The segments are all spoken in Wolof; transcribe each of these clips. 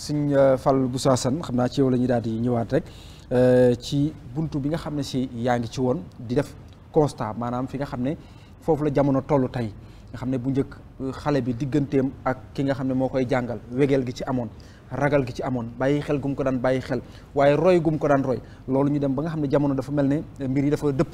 Sëñ euh, Fall Bousso Assane xam naa ci yow la ñuy daal di ñëwaat rek euh, ci bunt bi nga xam ne si yaa ngi ci woon di def constat maanaam fi nga xam ne foofu la jamono tollu tey nga xam ne bu njëkk euh, xale bi digganteem ak ki nga xam ne moo koy jàngal wegeel gi ci amoon ragal gi ci amoon bàyyi xel gum ko daan bàyyi xel waaye roy gum ko daan roy loolu ñu dem ba nga xam ne jamono dafa mel ne mbir yi dafa dëpp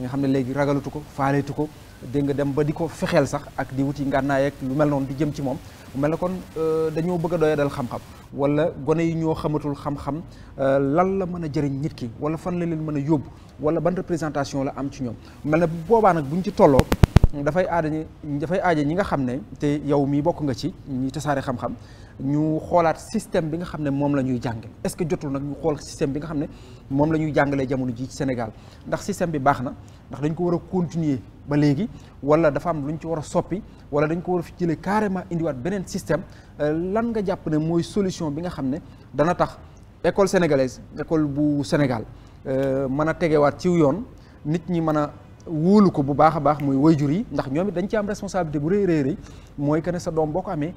nga xam ne léegi ragalatu ko faaleetu ko dégg nga dem ba di ko fexeel sax ak di wuti ngànnaay ak lu mel noonu di jëm ci moom mu mel ne kon euh, dañoo bëgg a doya xam-xam wala gone yi ñoo xamatul xam-xam euh, lan la mën a jëriñ nit ki wala fan la leen mën a yóbbu wala ban représentation la am ci ñoom mel na boobaa nag bu ñu ci tolloo dafay aada ñi dafay aaja ñi nga xam ne te yow mii bokk nga ci ñi tasaare xam-xam ñu xoolaat système bi nga xam ne moom la ñuy jàngale est-ce que jotul nag ñu xool système bi nga xam ne moom lañuy ñuy jàngalee jamono ji ci ndax système bi baax na ndax dañ ko war a continuer ba léegi wala dafa am lu ñu ci war a soppi wala dañ ko war a fi jëlee carrément indiwaat beneen système lan nga jàpp ne mooy solution bi nga xam ne dana tax école sénégalaise école bu Sénégal euh, mën a tegewaat ci yoon nit ñi mën a wóolu ko bu baax a baax muy wayjur yi ndax ñoom it dañ ci am responsabilité bu rëy rëy mooy que ne sa doom boo ko amee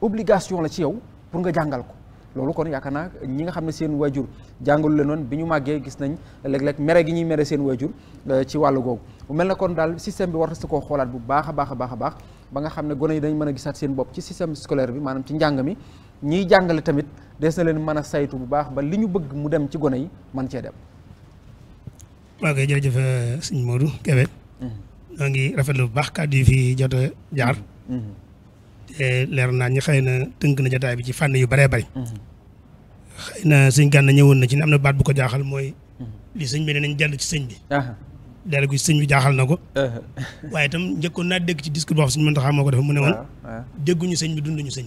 obligation la ci yow pour nga jàngal ko loolu kon yaakaar naa ñi nga xam ne seen waajur jàngalu leen woon bi ñu màggee gis nañ léeg-léeg mere gi ñuy mere seen wayjur euh, ci wàll googu mu mel na kon daal système bi war na koo xoolaat bu baax a baax a baax a baax ba nga xam ne gone yi dañ mën a gisaat seen bopp ci système scolaire bi maanaam ci njàng mi jàngale tamit des leen mën a saytu bu baax ba li ñu bëgg mu dem ci gone yi mën cee dem waaw jërëjëf euh, sëñ Modou Kébé ñoo mm-hmm. ngi rafetlu bu baax kàddu yi fi jot a mm-hmm. Mm-hmm. leer naa ñi xëy na tënk na jotaay bi ci fànn yu bëree bëri xëy na sëñ Gana ñëwoon na ci ne am na baat bu ko jaaxal mooy li bi ne nañ jàll ci sëñ bi dara uh-huh. gu sëñ bi jaaxal na ko uh-huh. waaye tam njëkkoon naa dégg ci discours boo xam sëñ Mountakha moo ko def mu ne woon uh-huh. dégguñu sëñ bi dunduñu sëñ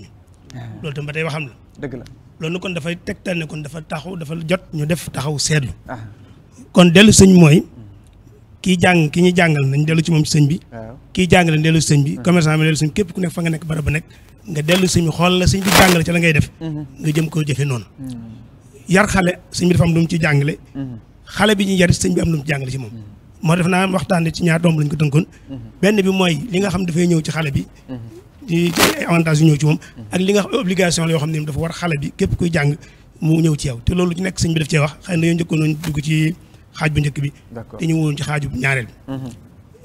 loolu tam ba tey waxam la dëgg la loolu kon dafay tegtal ne kon dafa taxaw dafa jot ñu def taxaw seetlu kon dellu sëñ mooy kii jàng ki ñu jàngal nañ dellu ci moom sëñ bi kii jàngale dellu sëñ bi hmm. commerçant bi dellu sëñ bi képp ku nekk fa nga nekk barab ba nekk nga dellu sëñ bi xool la sëñ bi jàngale ci la ngay def hmm. nga jëm koo jëfe noonu hmm. yar bi dafa am lu mu ci jàngale xale bi ñu yar sëñ bi am lu mu ci jàngale ci moom moo def naa waxtaan ci ñaar lañ ko tënkoon benn bi mooy li nga xam dafay ñëw ci xale bi di ay avantages yu ñëw ci moom ak li nga xam la yoo xam ne dafa war xale bi képp kuy jàng mu ñëw ci yow te loolu ci nekk sëñ bi daf cee wax xëy na dañoo njëkkoon nañ dugg ci xaaj bu njëkk bi te ñu woon ci xaaju ñaareel bi mhm.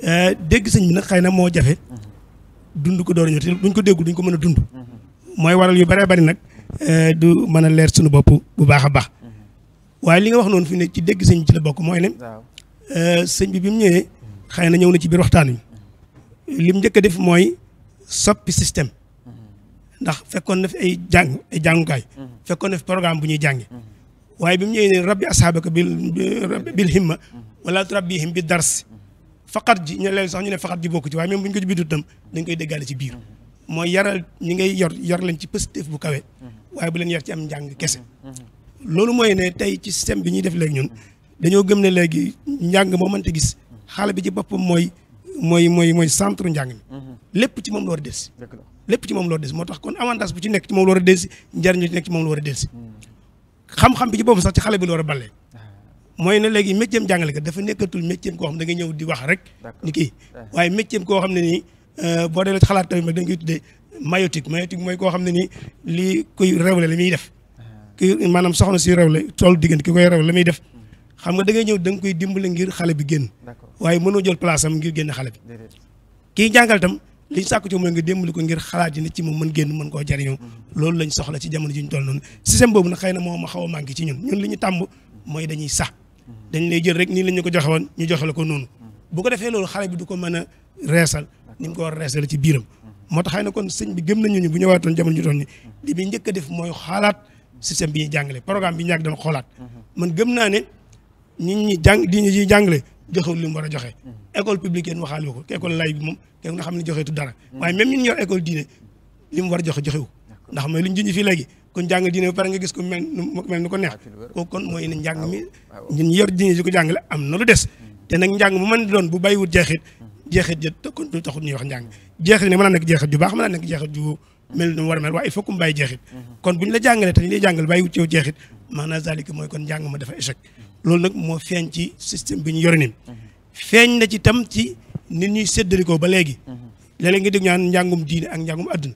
eh, dégg sëñ bi nag xëy na moo jafe mhm. dund ko door a te duñ ko déggul duñ ko mën a dund mhm. mooy waral yu bare bari nag eh, du mën a leer suñu bopp bu baax a baax waaye li nga wax noonu fi ne ci dégg sëñ bi ci la bokk mooy ne eh, sëñ bi bi mu ñëwee xëy na ñëw na ci biir waxtaan wi lim njëkk a def mooy soppi système ndax fekkoon na fi ay jàng ay mm-hmm. fekkoon na fi programme bu ñuy jànge mm-hmm. waaye bi mu ñëwee ne rabbi ashaabaka bil bil himma mm-hmm. wala turabbihim bi dars faqat ji ñu leen sax ñu ne faqat ji bokku ci waaye même bu ñu dañ koy déggaale ci biir mooy yaral ñi ngay yor yor leen ci positif bu kawe waaye ci am njàng kese loolu mooy ne tey ci système bi ñuy def léegi ñun dañoo gëm ne léegi njàng moo mënta gis xale bi ci boppam mooy mooy mooy mooy centre njàng mi mhm. lépp ci moom la war a delsi lépp ci moom la war a delsi moo tax kon avantage bu ci nekk ci moom la war a delsi njariñ bu ci nekk ci moom la a delsi mhm. xam-xam bi ci boobu sax ci xale bi la war a balee ah. mooy ne léegi métier jàngale ka dafa nekkatul métier koo xam da ngay ñëw di wax rek ni kii ah. waaye métier koo xam ne nii euh, boo dee xalaat tamit mag dañ koy de maïeutique maïeutique mooy koo xam ne nii lii kuy rewle la muy def ah. ki maanaam soxna si rewle tool diggante ki koy rewle la muy def xam nga da ñëw da nga koy dimbale ngir xale bi génn waaye mënoo jël place am ngir génn xale bi kii jàngal tam liñ sàkku ci mooy nga ko ngir xalaat ji ne ci moom mën génn mën koo jariñoo mm-hmm. loolu lañ soxla ci jamono ji ñu toll noonu système boobu nag xëy na moo ma xaw a manqué mm-hmm. lay jël rek nii lañ ñu ko joxe woon ñu joxe la ko noonu mm-hmm. bu ko defee loolu xale bi du ko mën a reesal ko war a ci biiram moo tax na kon sëñ bi gëm nañu ñu bu ñëwaatoon jamono ji toll ni li bi njëkk a def mooy xalaat système bi ñuy jàngale programme bi ñàkk dama xoolaat man gëm naa ne nit ñi jàng diine ji jàngale joxewul li mu war a joxe mm. école publique yéen waxaale ko école lay bi moom kenn nga xam ne joxeetu dara mm. waaye même ñun ñor école mu war a joxe joxewu ndax mooy lu ñu kon jàng diine ba pare nga ko mel mel nu ko ne njàng mi ñun ñi yor diine ji ko jàngale am na lu des mm. te nag njàng mu mën di doon bu bay jeexit jeexit ja kon du taxut ñuy wax njàng jeexit ne mën naa nekk jeexit ju baax mën naa nekk jeexit ju mel nu war a mel waaye il faut que mu bàyyi jeexit mm-hmm. kon bu ñu la jàngalee te ñu lay jàngal bàyyiwut ci yow jeexit maanaam zalika mooy kon njàng ma dafa échec loolu nag moo feeñ ci système bi ñu yore nii. feeñ na ci tam ci nit ñuy séddalikoo ba léegi. léeg-léeg nga ñaan njàngum diine ak njàngum àdduna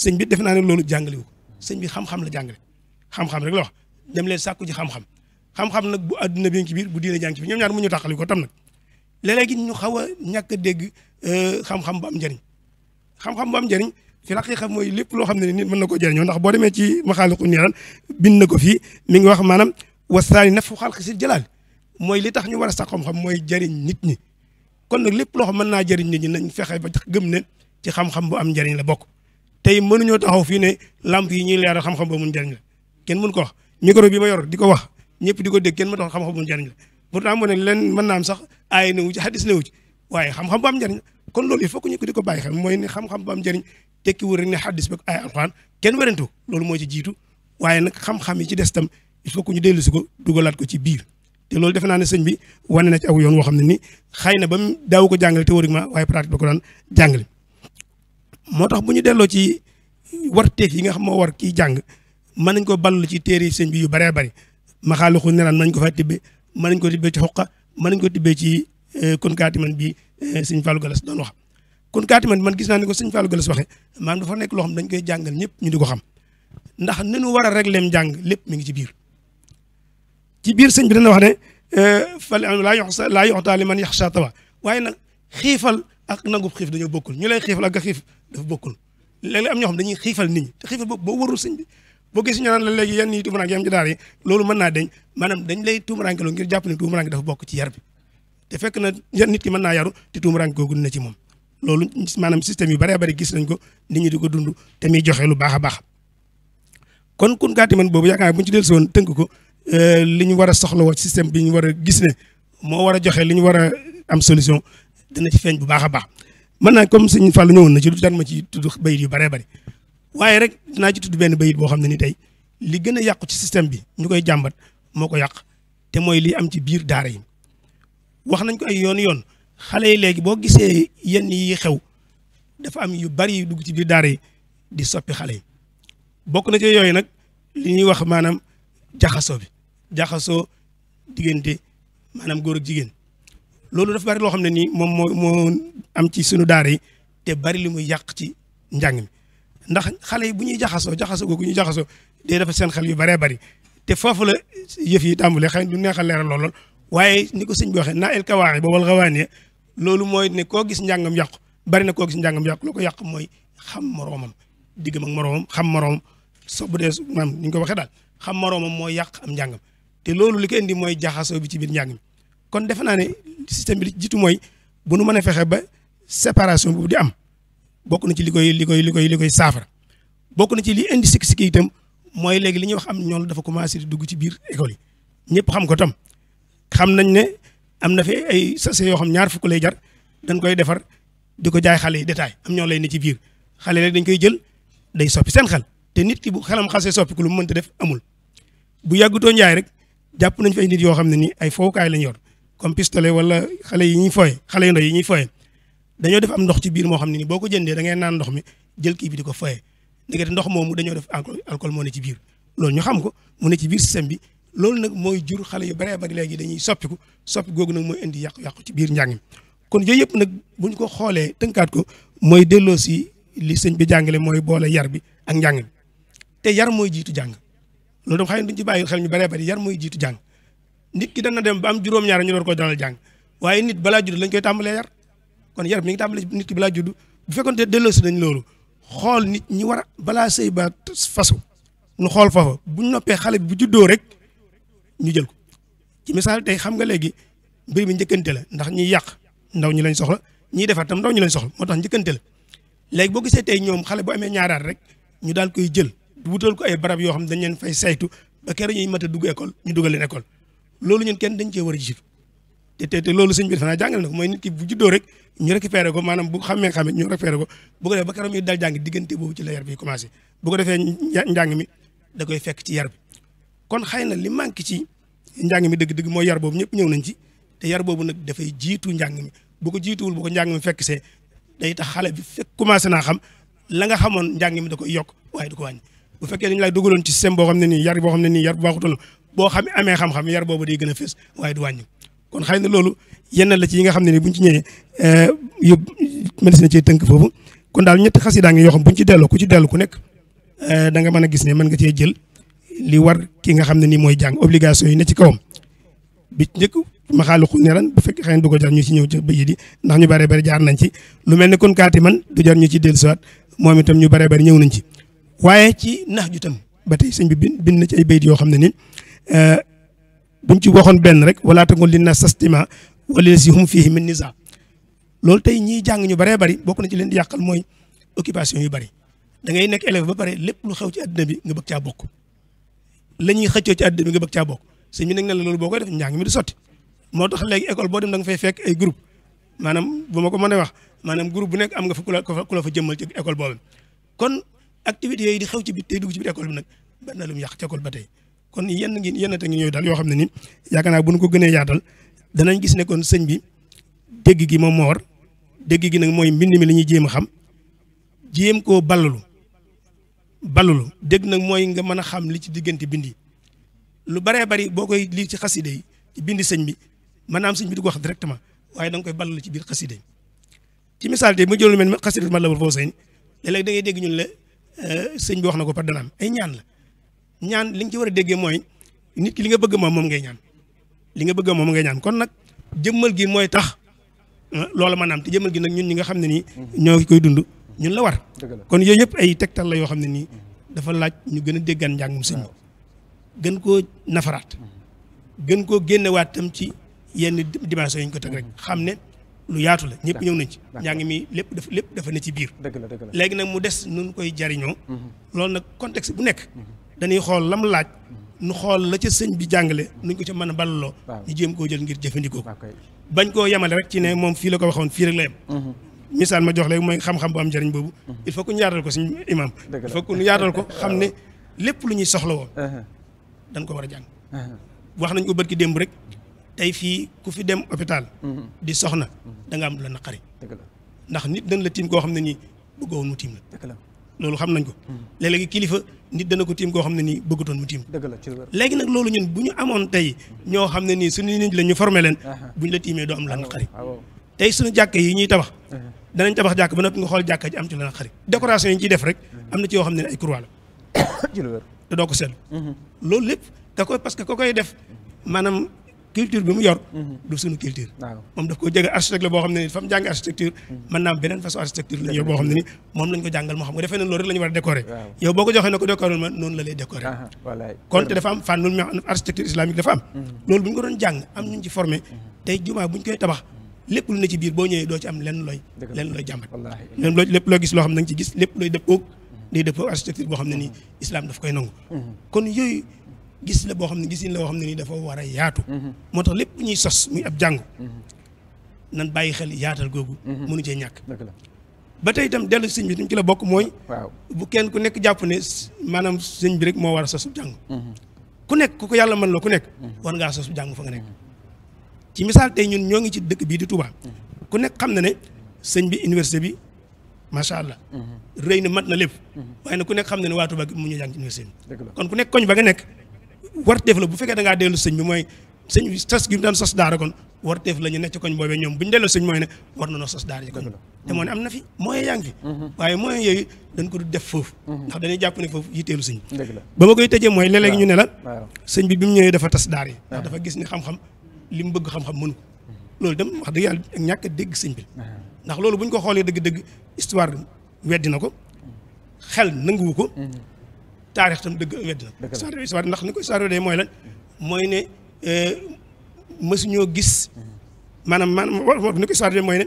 sëñ bi def naa ne loolu jàngale wu sëñ bi xam-xam la jàngale xam-xam rek la dem leen sàkku ci xam-xam nag bu àdduna bi ci biir bu diine jàng ci biir ñoom ñaar mu ñu taxali ko tam nag léeg-léegi ñu xaw a ñàkk a dégg euh, xam-xam bu am njëriñ xam-xam bu am njëriñ fi laqiqa mooy lépp loo xam ne nit mën na ko jëriñoo ndax boo demee ci maxaaliqu niran bind na ko fii mi ngi wax maanaam wasaani nafu xalq si jalaal moy li tax ñu war a sax xam-xam mooy jëriñ nit ñi kon nag lépp loo xam mën naa jëriñ nit ñi nañ fexe ba gëm ne ci xam-xam bu am jariñ la bokk tey mënuñoo taxaw fii ne lamp yi ñuy leeral xam-xam ba mun jëriñ kenn mun ko wax micro bi ma yor di ko wax ñëpp di ko dégg ma tax xam bu mu jëriñ la pourtant moo ne leen mën naa am sax aay newu ci xadis newu ci waaye xam bu am njëriñ kon loolu il faut que ñu di ko bàyyi xel mooy ne xam-xam bu am njëriñ tekkiwul rek ne xadis ba ay alxuraan kenn werentu loolu moo ci jiitu waaye na xam-xam yi ci des tam il faut que ñu dellu si ko dugalaat ko ci biir te loolu defe naa ne sëñ bi wane na ci aw yoon woo xam ne ni xëy na ba mu daaw ko jàngale théoriquement waaye pratique ba ko daan jàngale moo tax bu ñu delloo ci warteef yi nga xam moo war kii jàng mën nañ ko ballu ci téere sëñ bi yu bëree bëri maxaaluxu neraan mën nañ ko fay tibbee mën nañ ko tibbee ci xoqa mën nañ ko tibbee ci euh, kon kaatiman bi euh, sëñ Fallou Gallas doon wax kon kaatiman bi man gis naa ne ko sëñ Fallou Gallas waxee maanaam dafa nekk loo xam dañ koy jàngal ñëpp ñu di ko xam ndax nenu war a régler jàng lépp mi ngi ci biir ci biir sëñ bi dana wax ne eh, fal laa yox laa yoxtaa li man yaxsha tawa waaye nag xiifal ak nangub xiif dañoo bokkul ñu lay xiifal ak nga dafa bokkul léeg am ñoo xam dañuy xiifal nit ñi te xiifal boo warul sëñ bi boo gis ñu naan la léegi yenn yi tuumaranke yam ci loolu mën naa deñ maanaam dañ lay tuumaranke loo ngir jàpp ne tuumaranke dafa bokk ci yar bi te fekk na yan nit ki mën naa yaru te tuumaranke na ci moom loolu maanaam système yu bëree bëri gis nañ ko nit ñi di ko dund te muy joxe lu baax a baax kon kun gàtti man boobu yaakaar buñu ci dellusi woon tënk ko Euh, li ñu war a soxlawoo système bi ñu war a gis ne moo war a joxe li ñu war a am solution dina ci feeñ bu baax a baax man naa comme sëñ Fall woon na ci lu daan ma ci tudd bayit yu baree bari waaye rek dinaa ci tudd benn bayit boo xam ne ni tey li gën a yàqu ci système bi ñu koy jàmbat moo ko yàq te mooy li am ci biir daara yi wax nañ ko ay yoon yoon xale yi léegi boo gisee yenn yi xew dafa am yu bari yu dugg ci biir daara yi di soppi xale yi bokk na ci yooyu nag jaxasoo bi jaxasoo diggante maanaam góor ak jigéen loolu dafa bari loo xam ne nii moom moo moo am ci sunu daara yi te bari li muy yàq ci njàng mi ndax xale yi bu ñuy jaxasoo jaxasoo googu ñuy jaxasoo day dafa seen xel yu baree bari te foofu la yëf yi tàmbalee xëy du neexal leeral lool waaye ni ko sëñ bi waxee naa el kawaaxi ba wal xawaani loolu mooy ne koo gis njàngam yàqu bari na koo gis njàngam yàqu loo ko yàq mooy xam moroomam diggam ak moroomam xam moroom so dee su mam ñu ko waxee daal xam moroomam mooy yàq am njàngam te loolu li ko indi mooy jaxasoo bi ci biir njàng mi kon defe naa ne système bi jiitu mooy bu nu mën a fexe ba séparation boobu di am bokk na ci li koy li koy li koy li saafara bokk na ci li indi sikki-sikki itam mooy léegi li ñuy wax am ñoom dafa commencé di dugg ci biir école yi ñëpp xam ko tam xam nañ ne am na fi ay sachet yoo xam ñaar fukk lay jar dañ koy defar di ko jaay xale yi détail am ñoo lay ne ci biir xale rek dañ koy jël day soppi seen xel te nit ki bu xelam xasee soppiku lu mu mënta def amul bu yàggutoo njaay rek jàpp nañ fay nit yoo xam ne ni ay fowukaay lañ yor comme pistolet wala xale yi ñuy fooye xale yu ndaw yi ñuy fooye dañoo def am ndox ci biir moo xam ne ni boo ko jëndee da naan ndox mi jël kii bi ko fooye ndekete ndox moomu dañoo def alcool moo ne ci biir lool ñu xam ko mu ne ci biir système bi loolu nag mooy jur xale yu bare bari léegi dañuy soppiku soppi googu nag mooy indi yàqu-yàqu ci biir njàng mi kon yooyu yëpp nag buñ ko xoolee tënkaat ko mooy delloo si li sëñ bi jàngale mooy boole yar bi ak njàng mi te yar mooy jiitu jàng loolu dam xëy na duñ ci bàyyi xel ñu baree bari yar mooy jiitu jàng nit ki dana dem ba am juróom-ñaar ñu door ko dalal jàng waaye nit balaa judd lañ koy tàmbalee yar kon yar mi ngi tàmbalee nit ki balaa judd bu fekkoon te delloosi nañ loolu xool nit ñi war a balaa sey ba fasu nu xool foofu bu noppee xale bi bu juddoo rek ñu jël ko ci misaal tey xam nga léegi mbir mi njëkkante la ndax ñiy yàq ndaw ñi lañ soxla ñiy defar tam ndaw ñu lañ soxla moo tax njëkkante la léegi boo gisee tey ñoom xale bu amee ñaaraat rek ñu daal koy jël wutal ko ay barab yoo xam dañ leen fay saytu ba keroog ñuy mat a dugg école ñu dugal leen école loolu ñun kenn dañ cee war a jiitu te te loolu sëñ bi dafanaa mooy nit ki bu juddoo rek ñu récupéré ko maanaam bu xamee xamee ñu récupéré ko bu ko defee ba keroog muy dal jàng diggante boobu ci la yar bi commencé mi da koy fekk ci yar bi kon xëy na li manque ci njàng mi dëgg-dëgg mooy yar boobu ñëpp ñëw nañ ci te yar boobu nag dafay jiitu njàng mi bu ko jiituwul bu ko njàng mi fekk see day tax xale bi fekk commencé naa xam la nga xamoon njàng mi da koy yokk waaye du ko wàññi bu fekkee dañu laay dugaloon ci système boo xam ne nii yar boo xam ne nii yar bu baaxutoon boo xam amee xam yar boobu day gën a fës waaye du wàññi kon xëy na loolu yenn la ci yi nga xam ne nii buñ ci ñëwee yób médecine ci tënk foofu kon daal ñetti xasida ngi yoo xam buñ ci delloo ku ci dellu ku nekk euh, danga nga mën a gis ne man nga cee jël li war ki nga xam ne nii mooy jàng obligation yi ne ci kawam bi njëkk ma xaaluqu ne lan bu fekkee xëy na du ko jar ñu ci ñëw ci bëyi di ndax ñu bare bari jaar nañ ci lu mel ne kon kaati man du jar ñu ci dellusiwaat moom itam ñu bare bari ñëw nañ ci waaye ci nax ju tam ba tey sëñ bi bind na ci ay bayit yoo xam ne ni euh, buñ ci woxoon benn rek wala takun lin naas sastima wala si hum fihi min nisa loolu tey ñiy jàng ñu baree bari bokk na ci leen di yàqal mooy occupation yu bari da ngay nekk élève ba pare lépp lu xew ci àddina bi nga bëgg caa bokk la ñuy xëccoo ci àddina bi nga bëgg caa bokk sëñ bi nag ne la loolu boo koy def njàng mi du sotti moo tax léegi école boo dem da fay fekk ay groupe maanaam bu ma ko a wax maanaam groupe bu nekk am nga fa ku la ku la fa jëmmal ci école boobu activité yooyu di xew ci biir tey dugg ci biir école bi nag bari na lu mu yàq ci école ba tey kon yenn ngi yenn te ngi ñooyu daal yoo xam ne ni yaakaar naa bu ko gënee yaatal danañ gis ne kon sëñ bi dégg gi moom moo war gi nag mooy mbind mi la jéem a xam jéem koo ballalu ballalu dégg nag mooy nga mën a xam li ci diggante bind lu baree bari boo koy lii ci xaside yi ci bindi sëñ bi maanaam sëñ bi du ko wax directement waaye da nga koy ballalu ci biir xaside yi ci misaal tey mu jël lu mel xaside ma la war foo sëñ léeg-léeg da dégg ñun Eh, sëñ bi wax na ko par dana ay ñaan la ñaan li nga ci war a déggee mooy nit ki li nga bëgg moom moom ngay ñaan li nga bëgg moom ngay ñaan kon nag jëmmal gi mooy tax eh, loola maanaam te jëmmal gi nag ñun ñi nga xam ne nii ñoo koy dund ñun la war kon yooyu yëpp ay tegtal la yoo xam ne nii dafa laaj ñu gën a déggaan njàngum sëñ gën koo nafaraat mm-hmm. gën koo génnewaat tam ci yenn dimension yi ñu ko teg rek mm-hmm. xam ne lu yaatu la ñëpp ñëw nañ ci ñaa ngi mi lépp dafa lépp dafa ne ci biir léegi nag mu des nun koy jariñoo mm-hmm. loolu nag contexte bu nekk dañuy xool lam laaj mm-hmm. nu xool la ca sëñ bi jàngale nuñ ko ca mën a ballaloo ñu jéem koo jël ngir jëfandikoo ko bañ koo yamale rek ci ne moom fii la ko waxoon fii rek la yem mm-hmm. misaal ma jox léegi mooy xam-xam am njariñ boobu il faut que ñu yaatal ko suñu imam il faut que ñu yaatal ko xam ne lépp lu ñuy soxla woon uh-huh. dañ ko war a jàng uh-huh. wax nañ ko barki démb rek tey fii ku fi dem hôpital. Mhm. di soxna. Mhm. da nga am lu la naqari. ndax nit dañ la tiim koo xam ne nii bëggoon mu tiim la. loolu xam nañ ko. Mhm. léeg-léegi kilifa nit dana ko tiim koo xam ne nii toon mu tiim. dëgg la ci léegi nag loolu ñun bu ñu amoon tey ñoo xam ne nii suñu nit la ñu formé leen. bu ñu la tiimee doo am lu la naqari. tey suñu jàkk yi ñuy tabax. danañ tabax jàkk ba noppi nga xool jàkk am ci la naqari. décoration yi ñu ciy def rek am na ci yoo xam ne ay la. te culture bi mu yor mhm. du suñu culture moom daf ko jege architecte boo xam ne ni fa mu architecture mhm. mën naa am beneen façon architecture la boo xam ne ni moom la ñu war a décorer yow boo ko architecture islamique dafa am mhm. loolu bu ko doon jàng am ñu ci formé tey jumaa bu koy tabax lépp lu ne ci biir boo ñëwee doo am lenn looy lenn looy jàmbat lenn looy lépp loo gis loo xam ne da gis lépp xam ne ni islam daf koy nangu gis la boo xam ne gisin la boo xam ne nii dafa war a yaatu mm-hmm. moo tax lépp ñuy sos muy ab jàngu mm-hmm. nan bàyyi xel yaatal googu mm-hmm. mënu cee ñàkk ba tey itam sëñ bi tam ci la bokk mooy bu kenn ku nekk jàpp ne maanaam sëñ bi rek moo war a sosu jàng ku nekk ku yàlla mën la ku nekk war ngaa sosu jàng fa nga nekk ci misaal tey ñun ñoo ngi ci dëkk bii di Touba ku nekk xam na ne sëñ bi université bi macha na mat na lépp waaye nag xam na ne waa Touba mu ñu université bi kon ku nekk koñ ba nga nekk warteef la bu fekkee dangaa ngaa dellu sëñ bi mooy sëñ bi sos gi mu daan sos daara kon warteef la ñu nekk ci koñ boobee ñoom bu ñu delloo sëñ mooy ne war nañoo sos daara ci koñ te moo am na fi moyen yaa ngi fi mhm. waaye moyen yooyu dañ ko def foofu mhm. ndax dañuy jàpp ne foofu yitteelu sëñ bi ba ma koy tëjee mooy léeg ñu ne la sëñ bi bi mu ñëwee dafa tas daara dafa gis ni xam-xam li mu bëgg xam-xam mënu loolu dem wax dëgg yàlla ñàkk dégg sëñ bi ndax loolu bu ñu ko xoolee dëgg-dëgg histoire weddi na ko mhm. xel nanguwu ko taarix tam dëgg wedd na histoire histoire ndax ni ko histoire weddee mooy lan mooy ne eh, mësuñoo gis maanaam maanaam ni ko histoire weddee mooy ne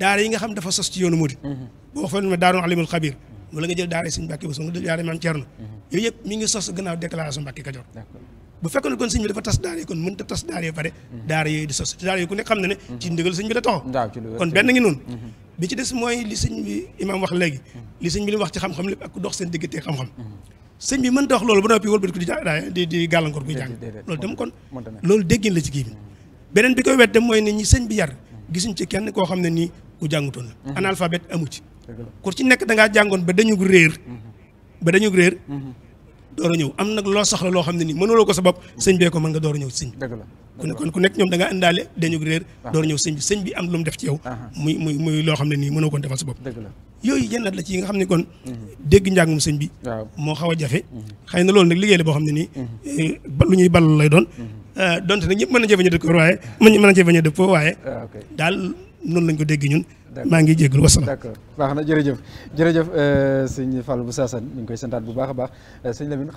daara yi nga xam dafa sos ci yoonu murid boo fa ma daaru alimul xabir wala nga jël daara sëñ Mbàkke Bousso nga jël daara maam Cerno yooyu yëpp mi ngi sos gannaaw déclaration Mbàkke Kajoor bu fekkoon kon sëñ bi dafa tas daara yi kon mënut a tas daara yi pare daara yooyu di sos te daara yi ku nekk xam na ne ci ndigal sëñ bi da taxaw kon benn ngi noonu mhm. bi ci des mooy li sëñ bi imaam wax léegi mhm. li sëñ bi li wax ci xam-xam lépp ak ku dox seen diggante xam-xam mhm. sëñ bi mën ta wax loolu ba noppi wëlbati ko di di gàllankoor kuy jàng loolu tam kon loolu déggin la ci kii bi beneen bi koy wet dem mooy ne ñi sëñ bi yar gisuñ ci kenn koo xam ne nii ku jàngutoon la mhm. analphabète amu ci ku ci da ngaa jàngoon ba dañu réer mhm. ba mhm. door a ñëw am nag loo soxla loo xam ne nii mënuloo ko sa bopp sëñ bee ko mën nga door a ñëw sëñ bi kon kon ku nekk ñoom da nga àndaale dañu réer ah. door a ñëw sëñ bi am ah. sa bopp mm-hmm. moo xaw a jafe mm-hmm. na loolu nag liggéey la boo xam ne nii mm-hmm. eh, lu ñuy ball lay doon ah, donte nag ñëpp mën na cee bañ a dëppoo waaye mën mën cee bañ a dëppoo waaye daal noonu lañ ko dégg ñun maa ngi jégalu wasalaam. d'accord baax na jërëjëf jërëjëf euh, sëñ Fallou Boussa Sane ñu ngi koy santaat bu baax a baax euh, sëñ Lamine.